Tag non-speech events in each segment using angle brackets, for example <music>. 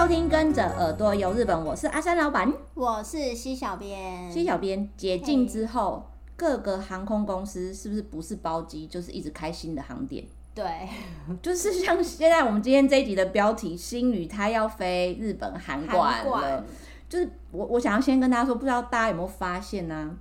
收聽跟着耳朵遊日本，我是阿珊老闆，我是 C 小編。C 小編，解禁之後，okay. 各個航空公司是不是不是包機，就是一直開新的航點？對， <laughs> 就是像現在我們今天這一集的標題，星宇他要飛日本航，函館就是我，我想要先跟大家說，不知道大家有沒有發現呢、啊？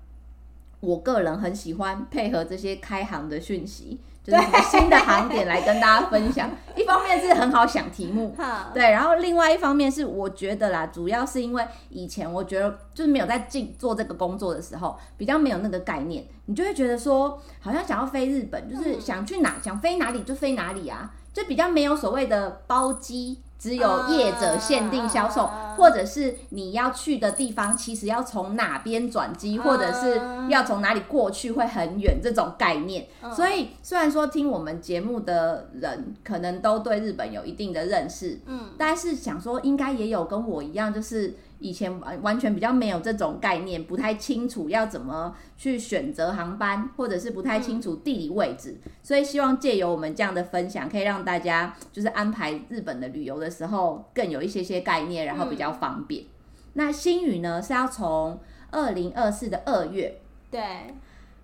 我個人很喜歡配合這些開航的訊息。就是、新的航點來跟大家分享， <laughs> 一方面是很好想題目，對，然後另外一方面是我覺得啦，主要是因為以前我覺得就是沒有在進做這個工作的時候，比較沒有那個概念，你就會覺得說好像想要飛日本，就是想去哪想飛哪裡就飛哪裡啊，就比較沒有所謂的包機。只有業者限定銷售，uh, uh, uh, uh, 或者是你要去的地方，其實要從哪邊轉機，uh, uh, uh, uh, 或者是要從哪裡過去會很遠這種概念。所以，雖然說聽我們節目的人可能都對日本有一定的認識，嗯，uh, um, 但是想說應該也有跟我一樣，就是。以前完完全比較沒有這種概念，不太清楚要怎麼去選擇航班，或者是不太清楚地理位置，嗯、所以希望借由我們這樣的分享，可以讓大家就是安排日本的旅遊的時候，更有一些些概念，然後比較方便。嗯、那星宇呢是要從二零二四的二月，對，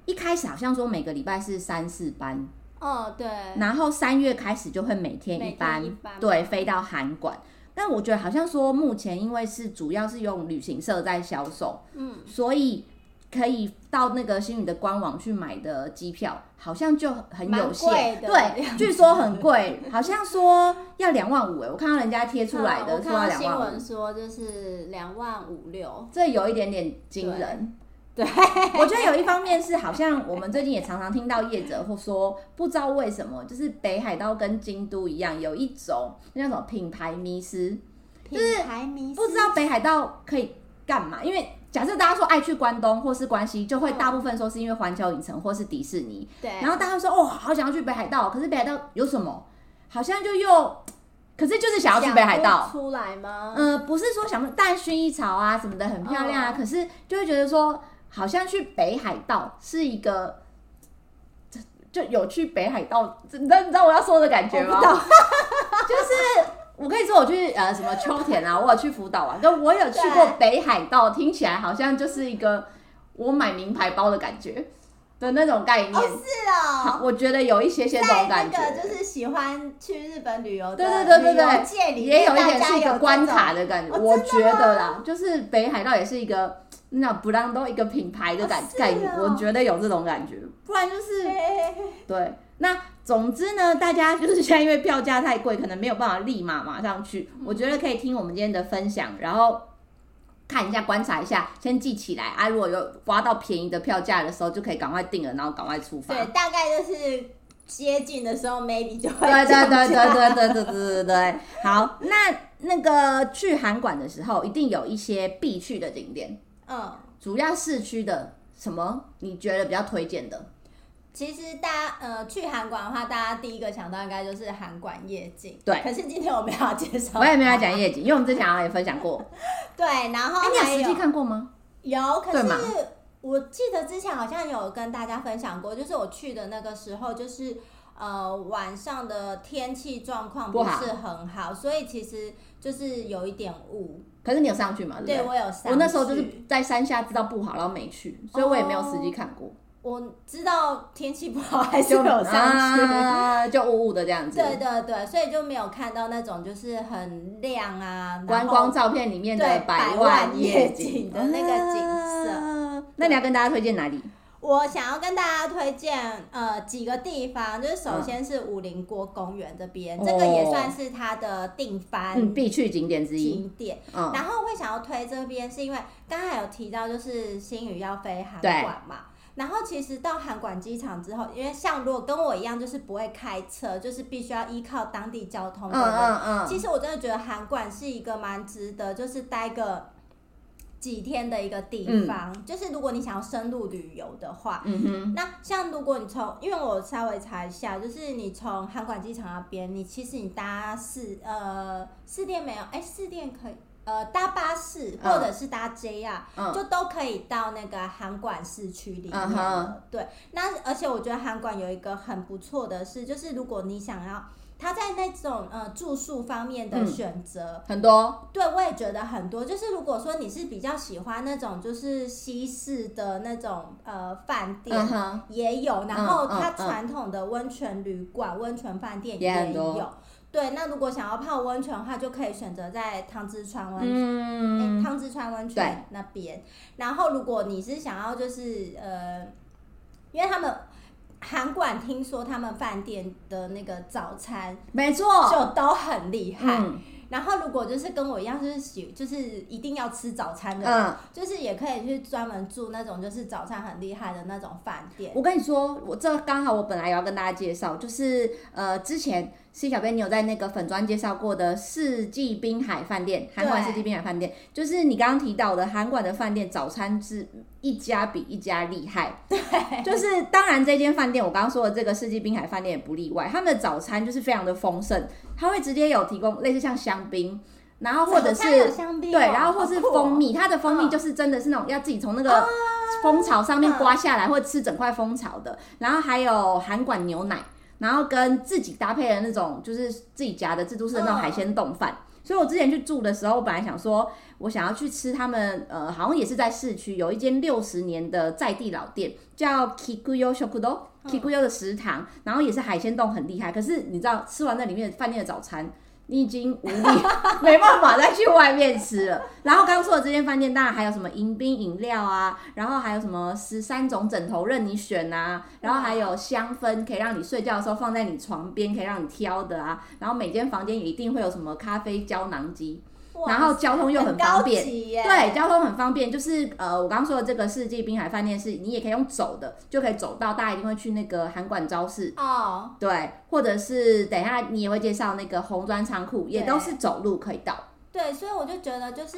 一開始好像說每個禮拜是三四班，哦對，然後三月開始就會每天一班，一班對，飛到函館。但我覺得好像說，目前因為是主要是用旅行社在銷售，嗯，所以可以到那個星宇的官網去買的機票，好像就很有限。對，據說很貴，好像說要兩萬五誒，我看到人家貼出來的說要兩萬五，新聞說就是兩萬五六，這有一點點驚人。對， <laughs> 我覺得有一方面是好像我們最近也常常聽到業者或說，不知道為什麼，就是北海道跟京都一樣，有一種那叫什麼品牌迷思，就是不知道北海道可以幹嘛。因為假設大家說愛去關東或是關西，就會大部分說是因為環球影城或是迪士尼。對，然後大家說哦，好想要去北海道，可是北海道有什麼？好像就又，可是就是想要去北海道出來嗎？嗯，不是說想看淡薰衣草啊什麼的，很漂亮啊，可是就會覺得說。好像去北海道是一個，就有去北海道，你知道你知道我要說的感覺嗎？ <laughs> 就是我跟你說，我,說我去呃什麼秋田啊，我有去福島啊，那我有去過北海道，聽起來好像就是一個我買名牌包的感覺的那種概念。哦，是哦，好，我覺得有一些些這種感覺，就是喜歡去日本旅遊的旅遊界裡面，對對對對對，也有一點是一個關卡的感覺，我覺得啦、哦哦，就是北海道也是一個。那不然都一個品牌的感感覺、哦哦，我覺得有這種感覺，不然就是嘿嘿嘿對。那總之呢，大家就是現在因為票價太貴，可能沒有辦法立馬馬上去。我覺得可以聽我們今天的分享，然後看一下、觀察一下，先記起來啊。如果有挖到便宜的票價的時候，就可以趕快訂了，然後趕快出發。對，大概就是接近的時候，maybe 就會。對對對對,對對對對對對對對對。好，那那個去函館的時候，一定有一些必去的景點。嗯，主要市區的什麼你覺得比較推薦的？其實大家，呃，去函館的話，大家第一個想到應該就是函館夜景。對，可是今天我沒有要介紹，我也沒有講夜景，因為我們之前好、啊、像也分享過。 <laughs> 對，然後有、欸、你有實際看過嗎？有，可是我記得之前好像有跟大家分享過，就是我去的那個時候，就是呃晚上的天氣狀況不是很好，不好，所以其實就是有一點霧。可是你有上去嘛？嗯、對，對不對？我有上去。我那時候就是在山下知道不好，然後沒去，所以我也沒有實際看過、哦。我知道天氣不好還是有上去就、啊，就霧霧的這樣子。 <laughs> 對對對，所以就沒有看到那種就是很亮啊，觀光照片裡面的百萬夜景的那個景色、啊。那你要跟大家推薦哪裡？我想要跟大家推薦呃幾個地方，就是首先是五稜郭公園這邊、嗯，這個也算是它的定番、嗯、必去景點之一。景、嗯、點。然後我會想要推這邊是因為剛才有提到，就是星宇要飛函館嘛，然後其實到函館機場之後，因為像如果跟我一樣就是不會開車，就是必須要依靠當地交通的人、嗯嗯嗯，其實我真的覺得函館是一個蠻值得就是待個。幾天的一個地方、嗯，就是如果你想要深入旅遊的話，嗯哼，那像如果你從，因為我稍微查一下，就是你從函館機場那邊，你其實你搭四呃四電沒有？哎、欸，四電可以，呃搭巴士或者是搭 JR 啊、嗯，就都可以到那個函館市區裡面、嗯、對，那而且我覺得函館有一個很不錯的事，就是如果你想要。他在那種呃住宿方面的選擇、嗯、很多，對我也覺得很多。就是如果說你是比較喜歡那種就是西式的那種呃飯店、嗯，也有。然後它傳統的溫泉旅館、嗯、溫泉飯店也有、嗯嗯。對，那如果想要泡溫泉的話，就可以選擇在湯之川溫泉，嗯、欸、湯之川溫泉那邊。然後如果你是想要就是呃，因為他們。函館聽說他們飯店的那個早餐，沒錯，就都很厲害、嗯。然後如果就是跟我一樣，就是喜，就是一定要吃早餐的人、嗯，就是也可以去專門住那種，就是早餐很厲害的那種飯店。我跟你說，我這剛好我本來也要跟大家介紹，就是呃，之前 C 小編你有在那個粉專介紹過的世紀濱海飯店，函館世紀濱海飯店，就是你剛剛提到的函館的飯店，早餐是，一家比一家厲害對，就是當然這間飯店，我剛剛說的這個世紀濱海飯店也不例外。他們的早餐就是非常的豐盛，他會直接有提供類似像香檳，然後或者是，是、哦、對，然後或者是蜂蜜、哦，它的蜂蜜就是真的是那種、嗯、要自己從那個蜂巢上面刮下來，嗯、或者吃整塊蜂巢的。然後還有函館牛奶，然後跟自己搭配的那種就是自己夾的自助式的那種海鮮丼飯。嗯所以，我之前去住的時候，我本來想說，我想要去吃他們，呃，好像也是在市區，有一間六十年的在地老店，叫 Kikuyo Shokudo、哦、Kikuyo 的食堂，然後也是海鮮丼很厲害。可是你知道，吃完那裡面的飯店的早餐。你已經無力，沒辦法再去外面吃了。 <laughs> 然後剛剛說的這間飯店當然還有什麼迎賓飲料啊，然後還有什麼十三種枕頭任你選啊，然後還有香氛可以讓你睡覺的時候放在你床邊可以讓你挑的啊，然後每間房間也一定會有什麼咖啡膠囊機。然後交通又很方便很，對，交通很方便。就是呃，我剛剛說的這個世紀濱海飯店，是你也可以用走的，就可以走到。大家一定會去那個函館朝市哦，對，或者是等一下你也會介紹那個紅磚倉庫，也都是走路可以到。對，所以我就覺得就是。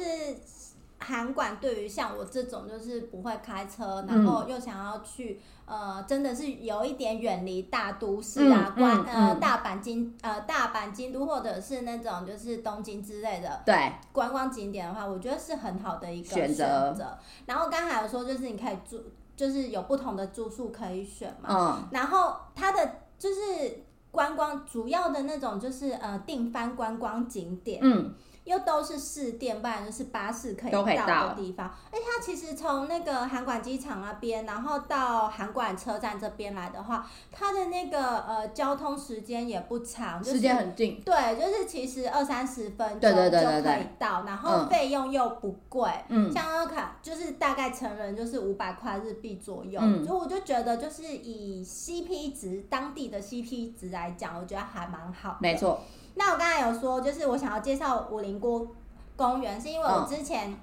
函館對於像我這種就是不會開車，然後又想要去、嗯、呃，真的是有一點遠離大都市啊，關、嗯嗯嗯、呃大阪京呃大阪京都或者是那種就是東京之類的，對，觀光景點的話，我覺得是很好的一個選擇。然後剛才有說就是你可以住，就是有不同的住宿可以選嘛。嗯、然後它的就是觀光主要的那種就是呃定番觀光景點，嗯。又都是市電，不然，就是巴士可以到的地方。哎，它其實從那個函館機場那邊，然後到函館車站這邊來的話，它的那個呃交通時間也不長，就是、時間很近。對，就是其實二三十分鐘就可以到，對對對對，然後費用又不貴。嗯，像卡，就是大概成人就是五百塊日幣左右，所、嗯、以我就覺得就是以 CP 值，當地的 CP 值來講，我覺得還蠻好的。沒錯。那我剛才有說，就是我想要介紹五稜郭公園，是因為我之前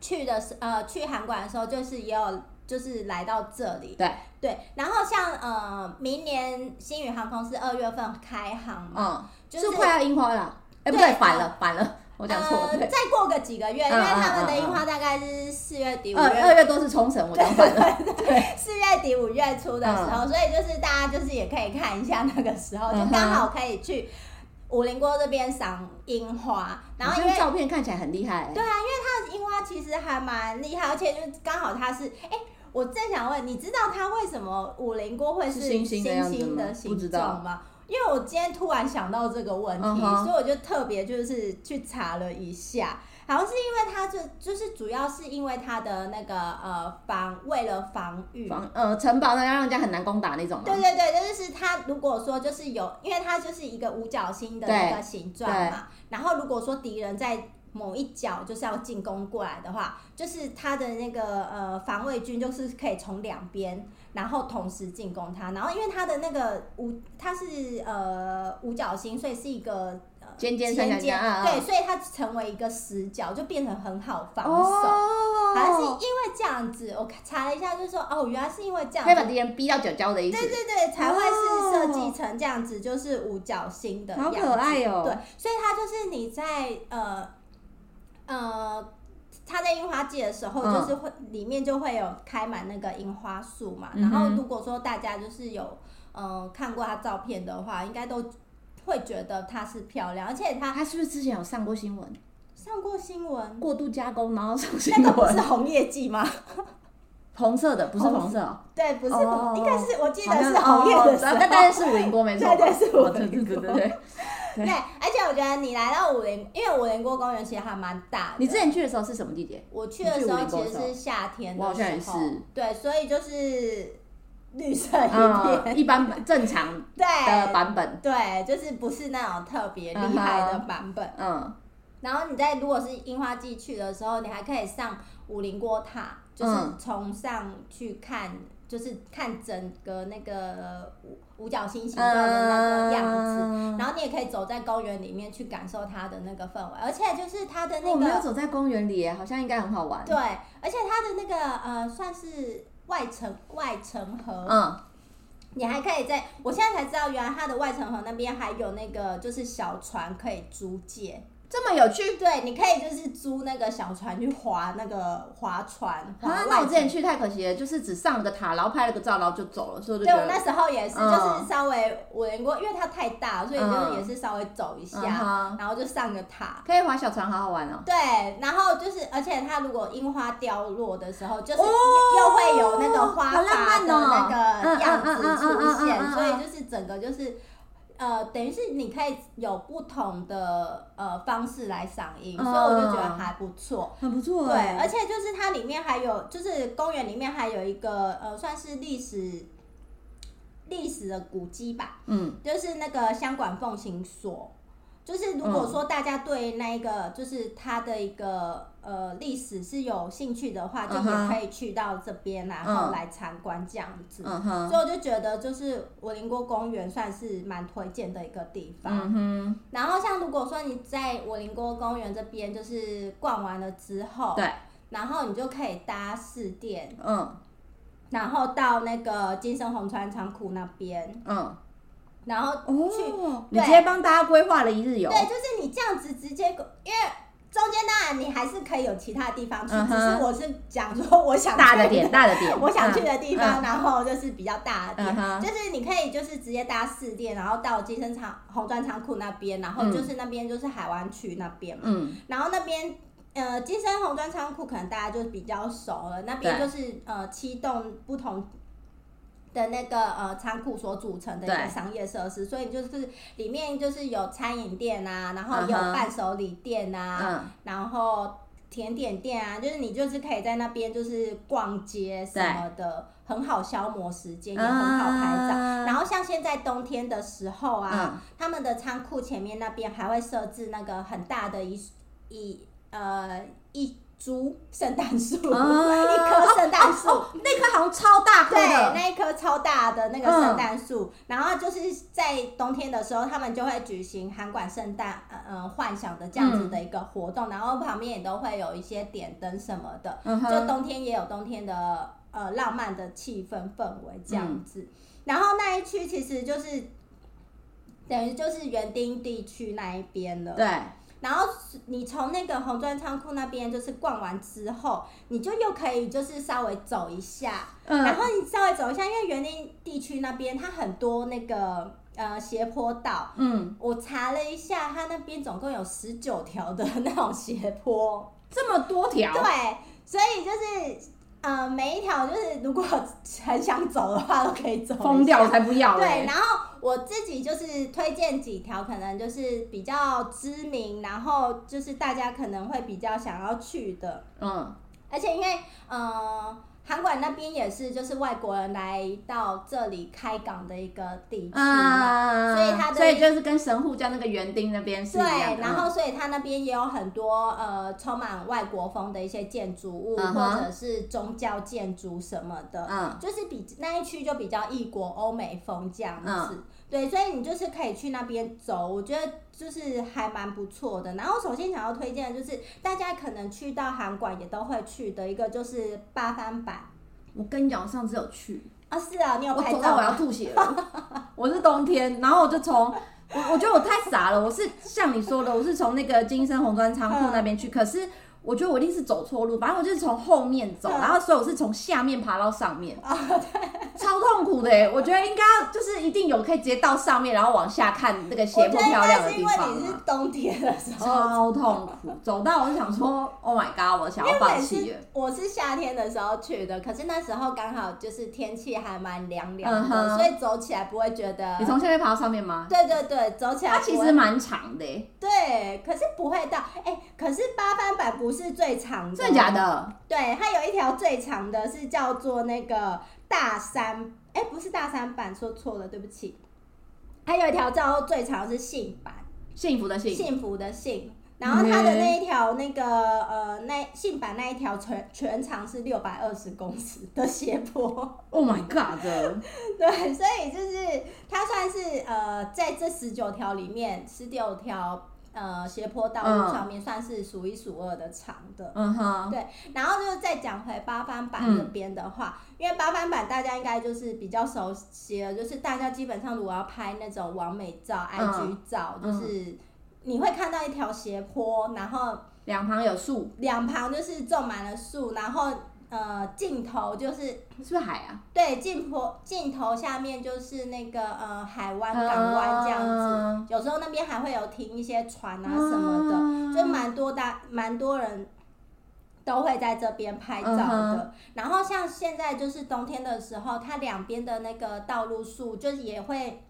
去的是、嗯、呃去函館的時候，就是也有就是來到這裡。對對。然後像呃明年星宇航空是二月份開航嘛？嗯。就是、是快要櫻花了？哎、欸，不對，反了、呃、反了，我講錯了、呃。再過個幾個月，因為他們的櫻花大概是四月底五月、嗯嗯嗯嗯。二月都是沖繩，我講反了。四月底五月初的時候、嗯，所以就是大家就是也可以看一下那個時候，嗯、就剛好可以去。武林鍋這邊賞櫻花，然後因為照片看起來很厲害、欸。對啊，因為它的櫻花其實還蠻厲害，而且就剛好它是，哎、欸，我正想問，你知道它為什麼五稜郭會是星星的形狀嗎？因為我今天突然想到這個問題，uh -huh. 所以我就特別就是去查了一下。好像是因為它就就是主要是因為它的那個呃防，為了防御防呃城堡呢，要讓人家很難攻打那種。對對對，就是它如果說就是有，因為它就是一個五角星的那個形狀嘛。然後如果說敵人在某一角就是要進攻過來的話，就是它的那個呃防衛軍就是可以從兩邊，然後同時進攻它。然後因為它的那個五它是呃五角星，所以是一個。尖尖尖尖，尖尖尖尖啊、對、哦，所以它成為一個死角，就變成很好防守。哦、好像是因為這樣子，我查了一下，就是說哦，原來是因為這樣子，可以把敵人逼到角角的意思。對對對，才會是設計成這樣子，哦，就是五角星的樣子。好可愛、哦、對，所以它就是你在呃呃，它在櫻花季的時候，嗯、就是會裡面就會有開滿那個櫻花樹嘛，嗯。然後如果說大家就是有嗯、呃、看過它照片的話，應該都。會覺得她是漂亮，而且她她是不是之前有上過新聞？上過新聞，過度加工，然後上新聞，那個不是紅葉季嗎？ <laughs> 紅色的不是紅色、喔哦、對，不是，哦哦應該是哦、是紅葉的、哦哦哦、應該是，我記得是紅葉的時候，那、哦哦、當然是五稜郭沒錯，對是對對對。哦、對,對,對,對,對,對, <laughs> 對，而且我覺得你來到五稜，因為五稜郭公園其實還蠻大的。你之前去的時候是什麼季節？我去的時候其實是夏天，的時候,的時候對，所以就是。綠色一片、uh -huh, 一般正常。對的版本 <laughs> 對，對，就是不是那種特別厲害的版本。嗯、uh -huh,。Uh -huh. 然後你在如果是櫻花季去的時候，你還可以上五稜郭塔，就是從上去看，uh -huh. 就是看整個那個五五角星形狀的那個樣子。Uh -huh. 然後你也可以走在公園裡面去感受它的那個氛圍，而且就是它的那個，我、哦、沒有走在公園裡，好像應該很好玩。對，而且它的那個呃，算是。外城外城河，嗯，你還可以在，我現在才知道，原來它的外城河那邊還有那個，就是小船可以租借。這麼有趣，對，你可以就是租那個小船去划那個划船。啊，我之前去太可惜了，就是只上了個塔，然後拍了個照，然後就走了。所以對，我那時候也是，嗯、就是稍微我連過，因為它太大，所以就是也是稍微走一下，嗯、然後就上個塔。嗯、可以划小船，好好玩哦。對，然後就是而且它如果櫻花凋落的時候，就是、哦、又會有那個花瓣的那個樣子出現、哦哦，所以就是整個就是。呃，等於是，你可以有不同的呃方式來賞櫻，嗯，所以我就覺得還不錯，很不錯、啊。對，而且就是它裡面還有，就是公園裡面還有一個呃，算是歷史歷史的古蹟吧，嗯，就是那個箱館奉行所，就是如果說大家對那一個、嗯、就是它的一個。呃，歷史是有興趣的話，就也可以去到這邊，uh -huh. 然後來參觀這樣子。嗯、uh -huh. 所以我就覺得，就是五稜郭公園算是蠻推薦的一個地方。嗯、uh -huh. 然後，像如果說你在五稜郭公園這邊就是逛完了之後，對。然後你就可以搭市電。嗯、uh -huh.。然後到那個金森紅磚倉庫那邊。嗯、uh -huh.。然後去，哦、對你直接幫大家規劃了一日遊。對，就是你這樣子直接因為。Yeah! 中間當然你還是可以有其他地方去，uh -huh. 只是我是講說我想去的大的點，大的點， <laughs> 我想去的地方，uh -huh. 然後就是比較大的點，uh -huh. 就是你可以就是直接搭市電，然後到金森紅磚倉庫那邊，然後就是那邊就是海灣區那邊嘛，uh -huh. 然後那邊呃金森紅磚倉庫可能大家就比較熟了，那邊就是、uh -huh. 呃七棟不同。的那個呃倉庫所組成的一個商業設施，所以就是裡面就是有餐飲店啊，然後有伴手禮店啊，uh -huh, 然後甜點店啊，嗯，就是你就是可以在那邊就是逛街什麼的，很好消磨時間，uh -huh, 也很好拍照。Uh -huh, 然後像現在冬天的時候啊，uh -huh, 他們的倉庫前面那邊還會設置那個很大的一一呃一。一呃一竹聖誕樹，一棵聖誕樹，那棵好像超大棵對，那一棵超大的那個聖誕樹，然後就是在冬天的時候，他們就會舉行函館聖誕呃呃，幻想的這樣子的一個活動，嗯、然後旁邊也都會有一些點燈什麼的、嗯，就冬天也有冬天的呃浪漫的氣氛氛圍這樣子、嗯。然後那一區其實就是等於就是元町地區那一邊了，對。然後你從那個紅磚倉庫那邊就是逛完之後，你就又可以就是稍微走一下，嗯、然後你稍微走一下，因為元町地區那邊它很多那個呃斜坡道，嗯，我查了一下，它那邊總共有十九條的那種斜坡，這麼多條，對，所以就是呃每一條就是如果很想走的話都可以走，瘋掉才不要、欸，對，然後。我自己就是推薦幾條，可能就是比較知名，然後就是大家可能會比較想要去的。嗯，而且因為，嗯、呃。函館那邊也是，就是外國人來到這裡開港的一個地區嘛、啊、所以它的，所以就是跟神戶叫那個園丁那邊是一樣的嗎？對，然後所以它那邊也有很多呃充滿外國風的一些建築物，uh -huh. 或者是宗教建築什麼的，uh -huh. 就是比，那一區就比較異國歐美風這樣子。Uh -huh. 對，所以你就是可以去那邊走，我覺得就是還蠻不錯的。然後首先想要推薦的就是大家可能去到函館也都會去的一個就是八幡坂。我跟你講，上次有去啊、哦？是啊，你有拍到？我，我要吐血了！我是冬天， <laughs> 然後我就從我我覺得我太傻了。我是像你說的，我是從那個金森紅磚倉庫那邊去，嗯、可是。我覺得我一定是走錯路，反正我就是從後面走，嗯，然後所以我是從下面爬到上面，oh, 對，超痛苦的哎，欸。我覺得應該要就是一定有可以直接到上面，然後往下看那個斜坡漂亮的地方，因為你是冬天的時候，超痛苦。 <laughs> 走到我就想說，Oh my god！我想要放棄。我是夏天的時候去的，可是那時候剛好就是天氣還蠻涼涼的，uh -huh, 所以走起來不會覺得。你從下面爬到上面嗎？對對對，走起來不會。它其實蠻長的欸。對，可是不會到。哎，欸，可是八幡坂不是最長的，真的假的？對，它有一條最長的，是叫做那個大三，哎、欸，不是大三坂，說錯了，對不起。它有一條叫做最長的是幸坂，幸福的幸，幸福的幸。然後它的那一條，那個呃，那幸坂那一條全全長是六百二十公尺的斜坡。Oh my god！ <laughs> 對，所以就是它算是呃，在這十九條裡面，十六條。呃、嗯，斜坡道路上面算是數一數二的長的，嗯哼，對。然後就是再講回八幡坂這邊的話，嗯，因為八幡坂大家應該就是比較熟悉了，就是大家基本上如果要拍那種網美照、IG 照，uh -huh. 就是你會看到一條斜坡，然後兩旁有樹，兩旁就是種滿了樹，然後，呃，盡頭就是是不是海啊？對，盡頭盡頭下面就是那個呃海灣港灣這樣子。Uh -huh. 有時候那邊還會有停一些船啊什麼的，uh -huh. 就蠻多大，蠻多人都會在這邊拍照的。Uh -huh. 然後像現在就是冬天的時候，它兩邊的那個道路樹就是也會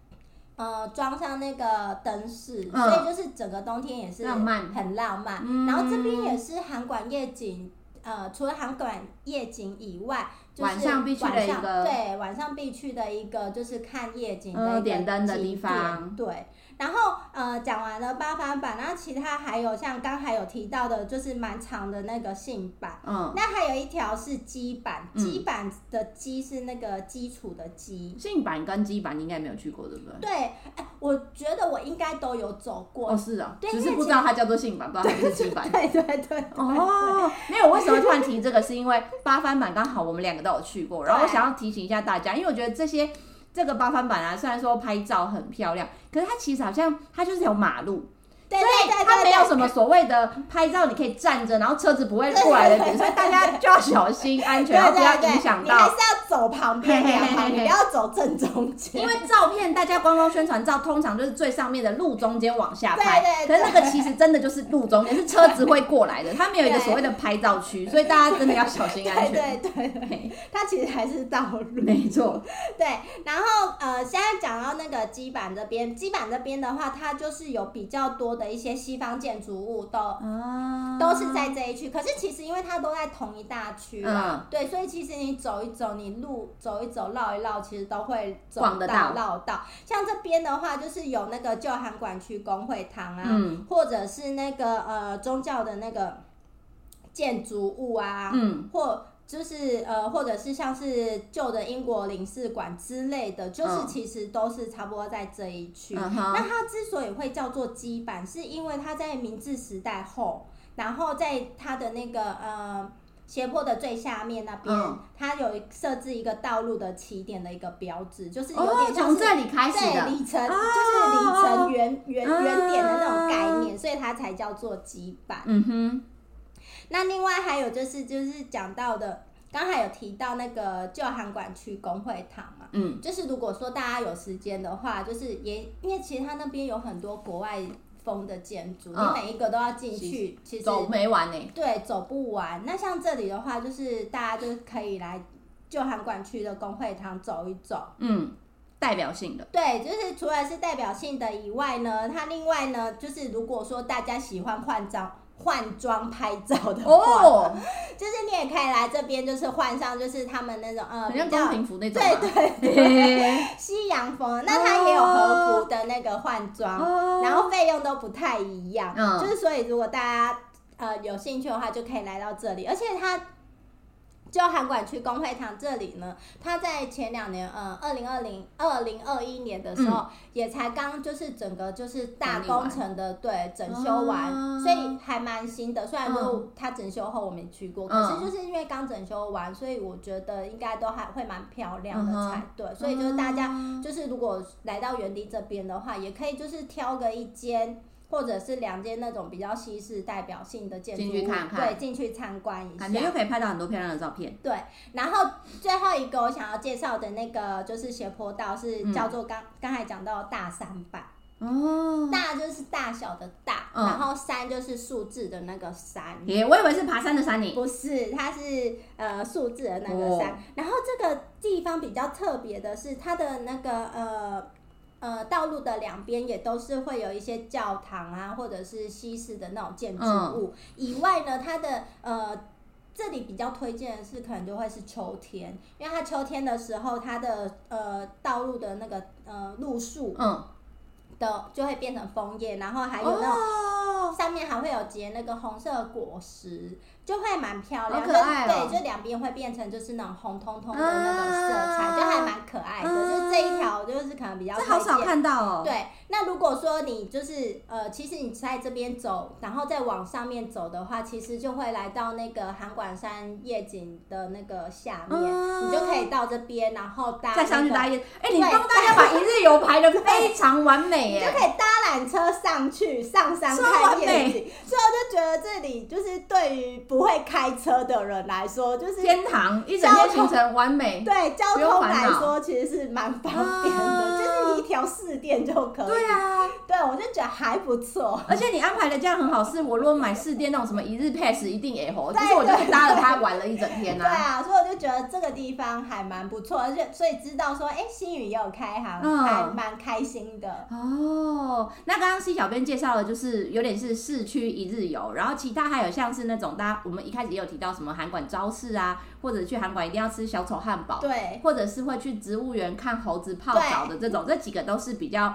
呃裝上那個燈飾，uh -huh. 所以就是整個冬天也是浪漫，很浪漫。Uh -huh. 然後這邊也是函館夜景。呃，除了函館夜景以外，就是晚上必去一個對，晚上必去的一個，就是看夜景的一個景點，嗯、點燈的地方，對。然後呃，講完了八幡坂，然後其他還有像剛才有提到的，就是蠻長的那個幸坂。嗯。那還有一條是基坂，基坂的基是那個基礎的基。嗯、幸坂跟基坂你應該沒有去過，對不對？哎，我覺得我應該都有走過。哦，是啊，只是不知道它叫做幸坂，不知道它是基坂。對對對，對，對，對。哦。沒有，為什麼突然提這個？是因為八幡坂剛好我們兩個都有去過，然後我想要提醒一下大家，因為我覺得這些。這個八幡坂啊，雖然說拍照很漂亮，可是它其實好像它就是條馬路。對，所以它沒有什麼所謂的拍照， <laughs> 你可以站着，然後車子不會過來的，點。 <laughs> 所以大家就要小心安全， <laughs> 不要影響到。你還是要走旁邊， <laughs> 旁不要走正中間， <laughs> 因為照片大家官方宣傳照通常就是最上面的路中間往下拍，對 <laughs> 可是那個其實真的就是路中間， <laughs> 是車子會過來的，它 <laughs> 沒有一個所謂的拍照區，所以大家真的要小心安全。 <laughs> 對，對，對對，它其實還是道路，沒錯。 <laughs> 對，然後呃，現在講到那個基坂這邊，基坂這邊的話，它就是有比較多。的一些西方建築物都、啊、都是在這一區，可是其實因為它都在同一大區啊、嗯，對，所以其實你走一走，你路走一走，繞一繞，其實都會走得到、繞到、到。像這邊的話，就是有那個舊函館區公會堂啊、嗯，或者是那個呃宗教的那個建築物啊，嗯、或。就是呃，或者是像是舊的英國領事館之類的，就是其實都是差不多在這一區。Uh -huh. 那它之所以會叫做基坂，是因為它在明治時代後，然後在它的那個呃斜坡的最下面那邊，uh -huh. 它有設置一個道路的起點的一個標誌，就是有點從、oh, 這裡開始的里程，就是里程原原原點的那種概念，所以它才叫做基坂。嗯哼。那另外還有就是就是講到的，剛才有提到那個舊函館區公會堂嘛，嗯，就是如果說大家有時間的話，就是也因為其實它那邊有很多國外風的建築、哦，你每一個都要進去，其實，其實走沒完呢、欸，對，走不完。那像這裡的話，就是大家就可以來舊函館區的公會堂走一走，嗯，代表性的，對，就是除了是代表性的以外呢，它另外呢就是如果說大家喜歡換裝。換裝拍照的哦，oh! 就是你也可以來這邊，就是換上就是他們那種，呃，像江戶服那種，啊，對對對， <laughs> 西洋風，oh! 那它也有和服的那個換裝，oh! 然後費用都不太一樣，oh! 就是所以如果大家呃有興趣的話，就可以來到這裡，而且它。就函館區公會堂這裡呢，它在前兩年，嗯，二零二零、二零二一年的時候，嗯、也才剛就是整個就是大工程的、嗯、對整修完，嗯、所以還蠻新的。雖然說它整修後我沒去過，嗯、可是就是因為剛整修完，所以我覺得應該都還會蠻漂亮的才、嗯、對。所以就是大家就是如果來到元町這邊的話，也可以就是挑個一間。或者是兩間那種比較西式代表性的建築物，對，進去參觀一下，又可以拍到很多漂亮的照片。對，然後最後一個我想要介紹的那個就是斜坡道，是叫做剛剛、嗯、才講到的大三坂。哦，大就是大小的大，嗯、然後三就是數字的那個三。咦、欸，我以為是爬山的山呢？不是，它是呃數字的那個三、哦。然後這個地方比較特別的是它的那個呃。呃，道路的兩邊也都是會有一些教堂啊，或者是西式的那種建築物，嗯。以外呢，它的呃，這裡比較推薦的是，可能就會是秋天，因為它秋天的時候，它的呃，道路的那個呃路樹，嗯，的就會變成楓葉，然後還有那種、哦、上面還會有結那個紅色果實，就會蠻漂亮，好可愛、哦、但對，就兩邊會變成就是那種紅彤彤的那種色彩，啊、就還蠻可愛的。啊、就是這一條、啊。可能比較這好少看到哦。對，那如果說你就是呃，其實你在這邊走，然後再往上面走的話，其實就會來到那個函館山夜景的那個下面，啊、你就可以到這邊，然後搭一再上去搭夜。哎、欸，你幫大家把一日遊排的非常完美 <laughs> 你就可以搭纜車上去上山看夜景。所以我就覺得這裡就是對於不會開車的人來說，就是天堂，一整天行程完美。對交通，對交通來說，其實是蠻方便的。啊嗯、就是一條四店就可以。對啊，對，我就覺得還不錯。而且你安排的這樣很好，是我如果買四店那種什麼一日 pass 一定也好，但、就是我就搭了它玩了一整天啊。對啊，所以我就覺得這個地方還蠻不錯，而且所以知道說，哎、欸，星宇也有開行，嗯、還蠻開心的。哦，那剛剛 C 小編介紹的就是有點是市區一日遊，然後其他還有像是那種，大家我們一開始也有提到什麼函館朝市啊。或者去函館一定要吃小丑漢堡，對，或者是會去植物園看猴子泡澡的這種，這幾個都是比較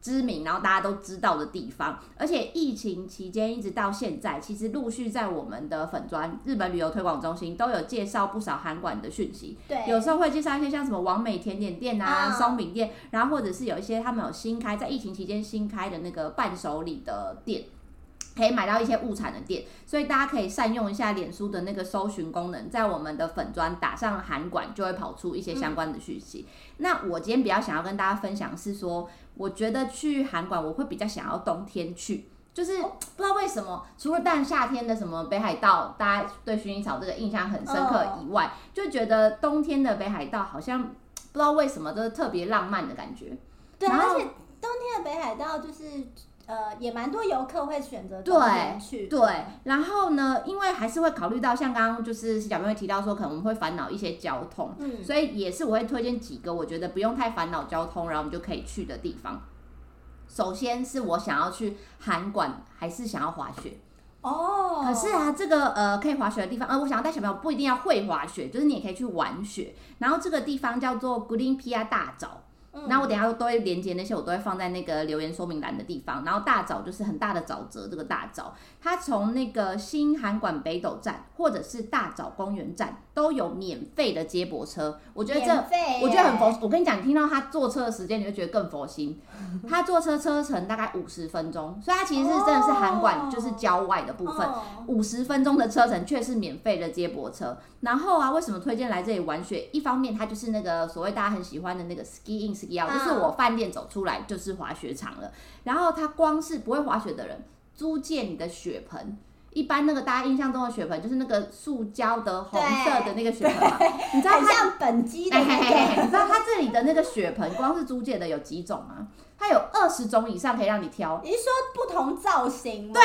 知名，然後大家都知道的地方。而且疫情期間一直到現在，其實陸續在我們的粉專、日本旅遊推廣中心都有介紹不少函館的訊息，對，有時候會介紹一些像什麼網美甜點店啊、oh. 鬆餅店，然後或者是有一些他們有新開在疫情期間新開的那個伴手禮的店。可以買到一些物產的店，所以大家可以善用一下臉書的那個搜尋功能，在我們的粉專打上函館，就會跑出一些相關的訊息，嗯。那我今天比較想要跟大家分享是說，我覺得去函館我會比較想要冬天去，就是不知道為什麼，哦，除了但夏天的什麼北海道，大家對薰衣草這個印象很深刻以外，哦，就覺得冬天的北海道好像不知道為什麼都，就是特別浪漫的感覺。對，而且冬天的北海道就是。呃，也蠻多遊客會選擇冬天去對。對，然後呢，因為還是會考慮到，像剛剛就是小朋友提到說，可能我們會煩惱一些交通。嗯，所以也是我會推薦幾個，我覺得不用太煩惱交通，然後我們就可以去的地方。首先是我想要去函館，還是想要滑雪。哦，可是啊，這個呃，可以滑雪的地方，呃，我想要帶小朋友，不一定要會滑雪，就是你也可以去玩雪。然後這個地方叫做 Greenpia 大沼。那我等下都會連接那些，我都會放在那個留言說明欄的地方。然後大沼就是很大的沼澤，這個大沼，它從那個新函館北斗站，或者是大沼公園站，都有免費的接駁車，我覺得這、欸、我覺得很佛。我跟你講，你聽到他坐車的時間，你就覺得更佛心。他坐車車程大概五十分鐘，所以他其實是真的是函館，就是郊外的部分，五、哦、十分鐘的車程卻是免費的接駁車。然後啊，為什麼推薦來這裡玩雪？一方面，他就是那個所謂大家很喜歡的那個 ski in ski out，、嗯、就是我飯店走出來就是滑雪場了。然後他光是不會滑雪的人租借你的雪盆。一般那個大家印象中的雪盆就是那個塑膠的紅色的那個雪盆嘛、啊，你知道它像本機的嘿嘿嘿，你知道它這裡的那個雪盆 <laughs> 光是租借的有幾種嗎？它有二十種以上可以讓你挑。你是說不同造型嗎？對，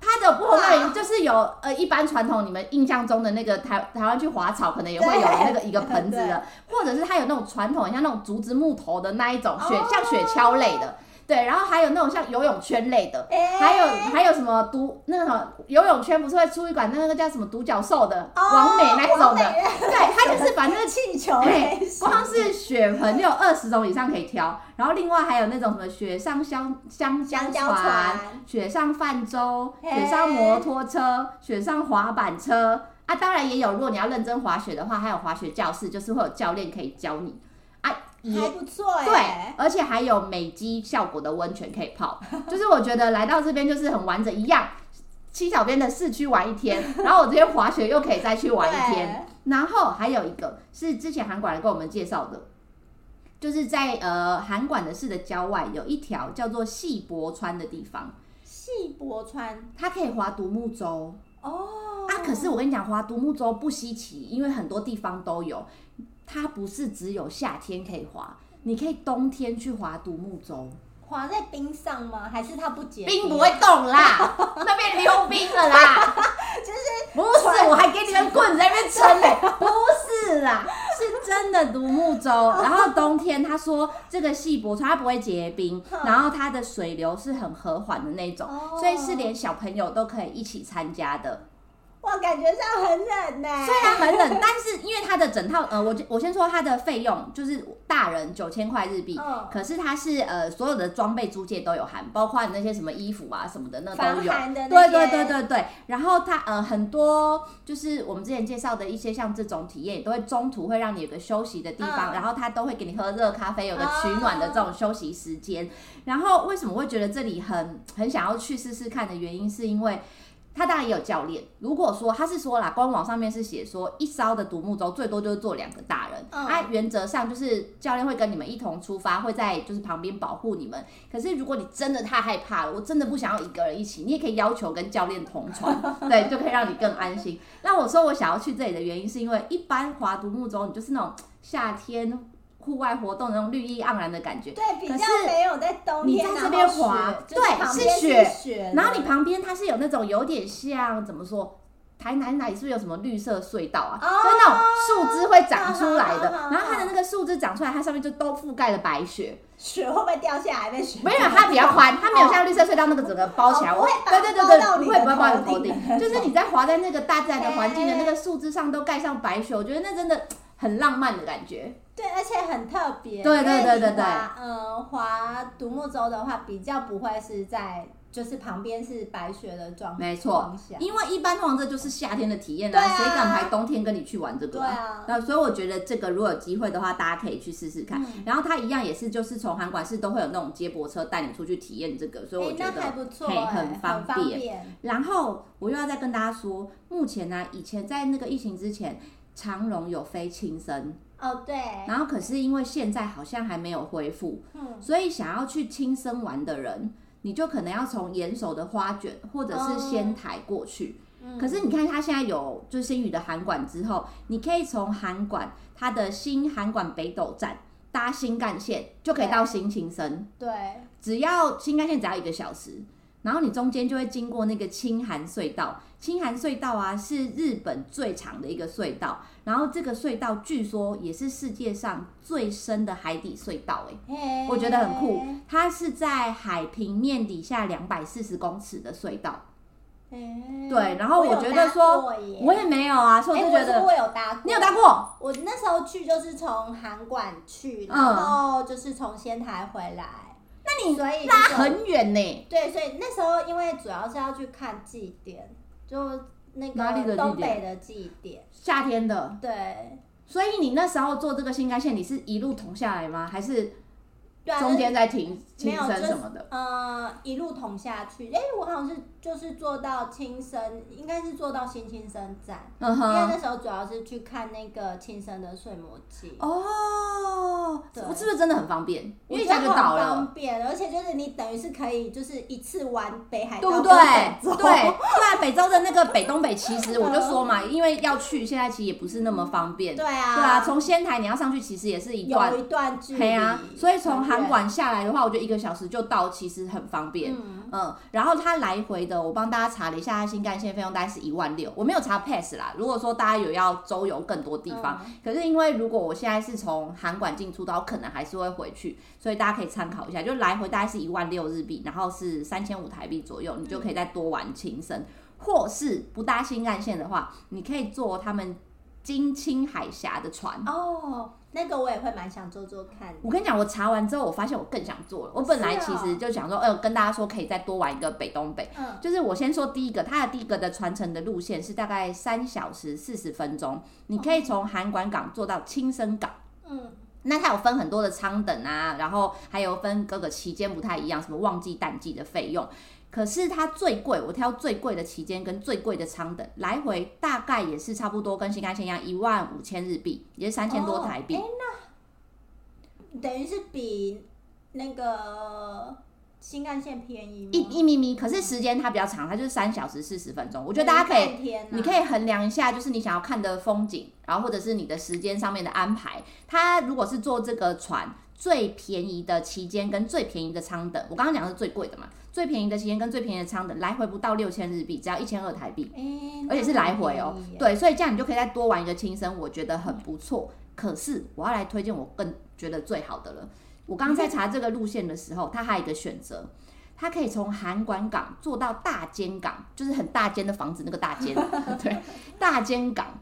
它的不同造型就是有呃，一般傳統你們印象中的那個台台灣去滑草可能也會有那個一個盆子的，或者是它有那種傳統很像那種竹子木頭的那一種雪，哦，像雪橇類的。對，然後還有那種像游泳圈類的，欸、還有還有什麼獨那個什麼游泳圈，不是會出一款那個叫什麼獨角獸的，王、哦、美那種的，對，他就是把那個氣球、欸，光是雪盆有二十種以上可以挑，然後另外還有那種什麼雪上香香蕉船、船、雪上泛舟、欸、雪上摩托車、雪上滑板車啊，當然也有，如果你要認真滑雪的話，還有滑雪教室，就是會有教練可以教你。還不錯哎、欸，對，而且還有美肌效果的溫泉可以泡， <laughs> 就是我覺得來到這邊就是很完整一樣。七小邊的市區玩一天，然後我這邊滑雪又可以再去玩一天，然後還有一個是之前函館來跟我們介紹的，就是在呃函館的市的郊外有一條叫做汐泊川的地方，汐泊川它可以劃獨木舟哦，啊可是我跟你講劃獨木舟不稀奇，因為很多地方都有。它不是只有夏天可以滑，你可以冬天去滑獨木舟，滑在冰上嗎？還是它不結冰？冰不會動啦， <laughs> 那邊溜冰了啦， <laughs> 就是不是我？我還給你們棍子在那邊撐呢， <laughs> 不是啦，是真的獨木舟。 <laughs> 然後冬天他說這個汐泊川它不會結冰， <laughs> 然後它的水流是很和緩的那種， <laughs> 所以是連小朋友都可以一起參加的。感覺上很冷呢、欸，雖然很冷， <laughs> 但是因為它的整套呃，我我先說它的費用，就是大人九千塊日幣，oh. 可是它是呃所有的裝備租借都有含，包括那些什麼衣服啊什麼的，那都有，防寒的那些。對對對對對。然後它呃很多就是我們之前介紹的一些像這種體驗，也都會中途會讓你有個休息的地方，oh. 然後它都會給你喝熱咖啡，有個取暖的這種休息時間。Oh. 然後為什麼會覺得這裡很很想要去試試看的原因，是因為。他當然也有教練。如果說他是說啦，官網上面是寫說，一艘的獨木舟最多就是坐兩個大人。嗯、啊，原則上就是教練會跟你們一同出發，會在就是旁邊保護你們。可是如果你真的太害怕了，我真的不想要一個人一起，你也可以要求跟教練同船，對，就可以讓你更安心。那 <laughs> 我說我想要去這裡的原因，是因為一般劃獨木舟，你就是那種夏天。戶外活動那種綠意盎然的感覺，對，比較沒有在冬天。是你在這邊滑，對，就是、是雪。然後你旁邊它是有那種有點像怎麼說？台南哪裡是不是有什麼綠色的隧道啊？就、oh, 是那種樹枝會長出來的。好好好好，然後它的那個樹枝長出來，它上面就都覆蓋了白雪。雪會不會掉下來？的雪沒有，它比較寬，它沒有像綠色隧道那個整個包起來。Oh, 我會把對對對對，包到你的頭頂。不會不會不會，把你的頭頂 <laughs> 就是你在滑在那個大自然的環境的那個樹枝上都蓋上白雪，okay. 我覺得那真的很浪漫的感覺。對，而且很特別。對對對對對。嗯、呃，滑獨木舟的話，比較不會是在就是旁邊是白雪的狀態。沒錯，因為一般王者就是夏天的體驗呢、啊，誰、啊、敢排冬天跟你去玩這個、啊？對啊。那所以我覺得這個如果有機會的話，大家可以去試試看、嗯。然後它一樣也是就是從函館市都會有那種接駁車帶你出去體驗這個，所以我覺得、欸還不錯欸、嘿很方，很方便。然後我又要再跟大家說，目前呢、啊，以前在那個疫情之前，長榮有飛青森。哦、oh，對。然後可是因為現在好像還沒有恢復，嗯，所以想要去青森玩的人，你就可能要從岩手的花卷或者是仙台過去。嗯，可是你看他現在有就星宇的函館之後，你可以從函館他的新函館北斗站搭新幹線就可以到新青森。對，只要新幹線只要一個小時，然後你中間就會經過那個青函隧道。青函隧道啊，是日本最長的一個隧道，然後這個隧道據說也是世界上最深的海底隧道，欸，誒、欸，我覺得很酷，欸，它是在海平面底下兩百四十公尺的隧道，欸。對，然後我覺得說，我，我也沒有啊，所以我覺得、欸、我，就我有搭過，你有搭過？我那時候去就是從函館去，然後就是從仙，、嗯、仙台回來，那你所以拉很遠呢、欸？對，所以那時候因為主要是要去看祭典。就那個東北的祭典，夏天的，對。所以你那時候坐這個新幹線，你是一路通下來嗎？還是中間在停？啊，在停就是、沒有，停什麼的、就是、呃一路通下去。哎、欸，我好像是。就是坐到青森，應該是坐到新青森站，嗯，因為那時候主要是去看那個青森的《睡魔祭》哦。我是不是真的很方便？因為就倒了很方便，而且就是你等於是可以就是一次玩北海道北，對不對？對對，北州的那個北東北，其實我就說嘛， <laughs> 因為要去現在其實也不是那麼方便，嗯，對啊。對啊，從仙台你要上去其實也是一段有一段距離啊。所以從函館下來的話，我覺得一個小時就到，其實很方便。嗯，然後他來回的，我幫大家查了一下，新幹線費用大概是一萬六。我沒有查 pass 啦。如果說大家有要周遊更多地方，嗯、可是因為如果我現在是從函館進出，我可能還是會回去，所以大家可以參考一下，就來回大概是一萬六日幣，然後是三千五台幣左右，你就可以再多玩青森，嗯、或是不搭新幹線的話，你可以坐他們。津輕海峽的船哦，oh, 那個我也會蠻想坐坐看。我跟你講，我查完之後，我發現我更想坐了。我本來其實就想說，哎、喔呃，跟大家說可以再多玩一個北東北。嗯，就是我先說第一個，它的第一個的船程的路線是大概三小時四十分鐘，你可以從函館港坐到青森港。嗯，那它有分很多的艙等啊，然後還有分各個期間不太一樣，什麼旺季淡季的費用。可是它最貴，我挑最貴的期間跟最貴的艙等，來回大概也是差不多，跟新幹線一樣一萬五千日幣，也是三千多台幣，哦欸。等於是比那個新幹線便宜一一咪咪，可是時間它比較長，嗯、它就是三小時四十分鐘。我覺得大家可以、啊，你可以衡量一下，就是你想要看的風景，然後或者是你的時間上面的安排，它如果是坐這個船。最便宜的期間跟最便宜的艙等，我剛剛講的是最貴的嘛？最便宜的期間跟最便宜的艙等，來回不到六千日幣，只要一千二台幣、欸，而且是來回哦、喔，對，所以這樣你就可以再多玩一個青森，我覺得很不錯、嗯。可是我要來推薦我更覺得最好的了。我剛剛在查這個路線的時候，嗯、它還有一個選擇，它可以從函館港坐到大間港，就是很大間的房子那個大間， <laughs> 對，大間港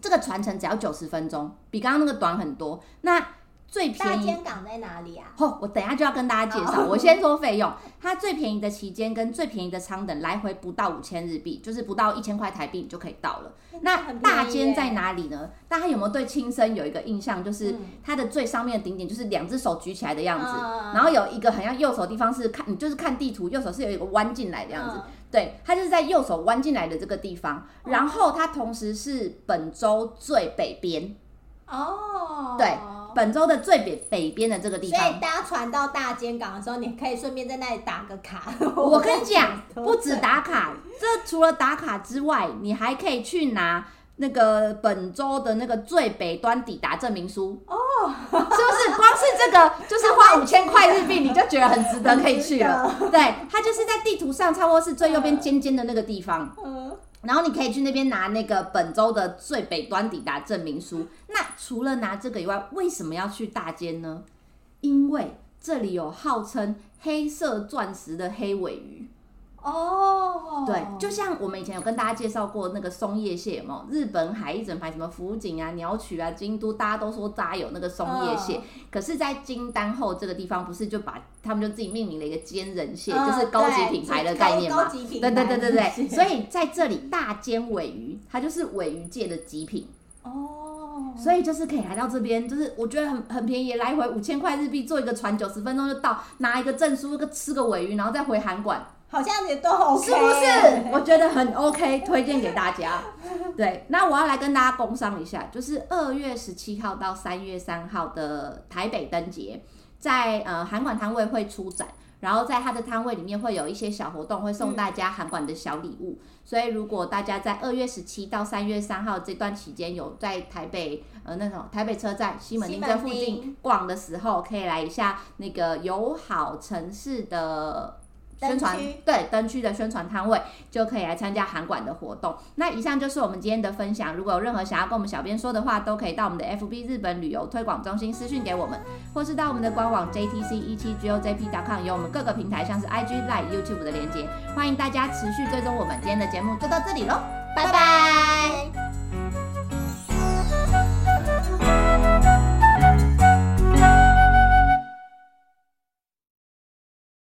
這個船程只要九十分鐘，比剛剛那個短很多。那最便宜大間港在哪裡啊？吼、oh,，我等一下就要跟大家介紹。Oh, 我先說費用， <laughs> 它最便宜的期間跟最便宜的艙等來回不到五千日幣，就是不到一千塊台幣，你就可以到了。那大間在哪裡呢？大家有沒有對青森有一個印象？就是它的最上面的頂點，就是兩隻手舉起來的樣子。嗯、然後有一個好像右手的地方是看，你就是看地圖，右手是有一個彎進來的樣子、嗯。對，它就是在右手彎進來的這個地方、嗯。然後它同時是本州最北邊。哦、oh.，對。本州的最北北邊的這個地方，所以搭船到大間港的時候，你可以順便在那裡打個卡。 <laughs> 我跟你講， <laughs> 不止打卡， <laughs> 這除了打卡之外，你還可以去拿那個本州的那個最北端抵達證明書。哦、oh. <laughs> 是不是？光是這個，就是花五千塊日幣， <laughs> 你就覺得很值得可以去了。了 <laughs> 對，它就是在地圖上，差不多是最右邊尖尖的那個地方。嗯、uh. uh.。然後你可以去那邊拿那個本州的最北端抵達證明書。那除了拿這個以外，為什麼要去大間呢？因為這裡有號稱黑色鑽石的黑尾魚，魚。哦、oh，對，就像我們以前有跟大家介紹過那個松葉蟹嘛，日本海一整排什麼福井啊、鳥取啊、京都，大家都說扎有那個松葉蟹，oh, 可是，在京丹後這個地方，不是就把他們就自己命名了一個間人蟹，oh, 就是高級品牌的概念嘛？對高級品牌對、對對對對。 <laughs> 所以在這裡大間鮪魚，它就是鮪魚界的極品哦，oh. 所以就是可以來到這邊，就是我覺得很很便宜，來回五千塊日幣坐一個船，九十分鐘就到，拿一個證書，吃個鮪魚，然後再回函館。好像也都很、OK、是不是？我覺得很 OK， <laughs> 推薦給大家。對，那我要來跟大家工商一下，就是二月十七號到三月三號的台北燈節，在呃函館攤位會出展，然後在他的攤位裡面會有一些小活動，會送大家函館的小禮物、嗯。所以如果大家在二月十七到三月三號這段期間有在台北呃那種台北車站、西門町附近逛的時候，可以來一下那個友好城市的。宣傳對燈區的宣傳攤位就可以來參加函館的活動。那以上就是我們今天的分享。如果有任何想要跟我們小編說的話，都可以到我們的 FB 日本旅遊推廣中心私訊給我們，或是到我們的官網 JTC17GOJP.com 有我們各個平台像是 IG、LINE YouTube 的連結。歡迎大家持續追蹤我們今天的節目，就到這裡嘍，拜拜。拜拜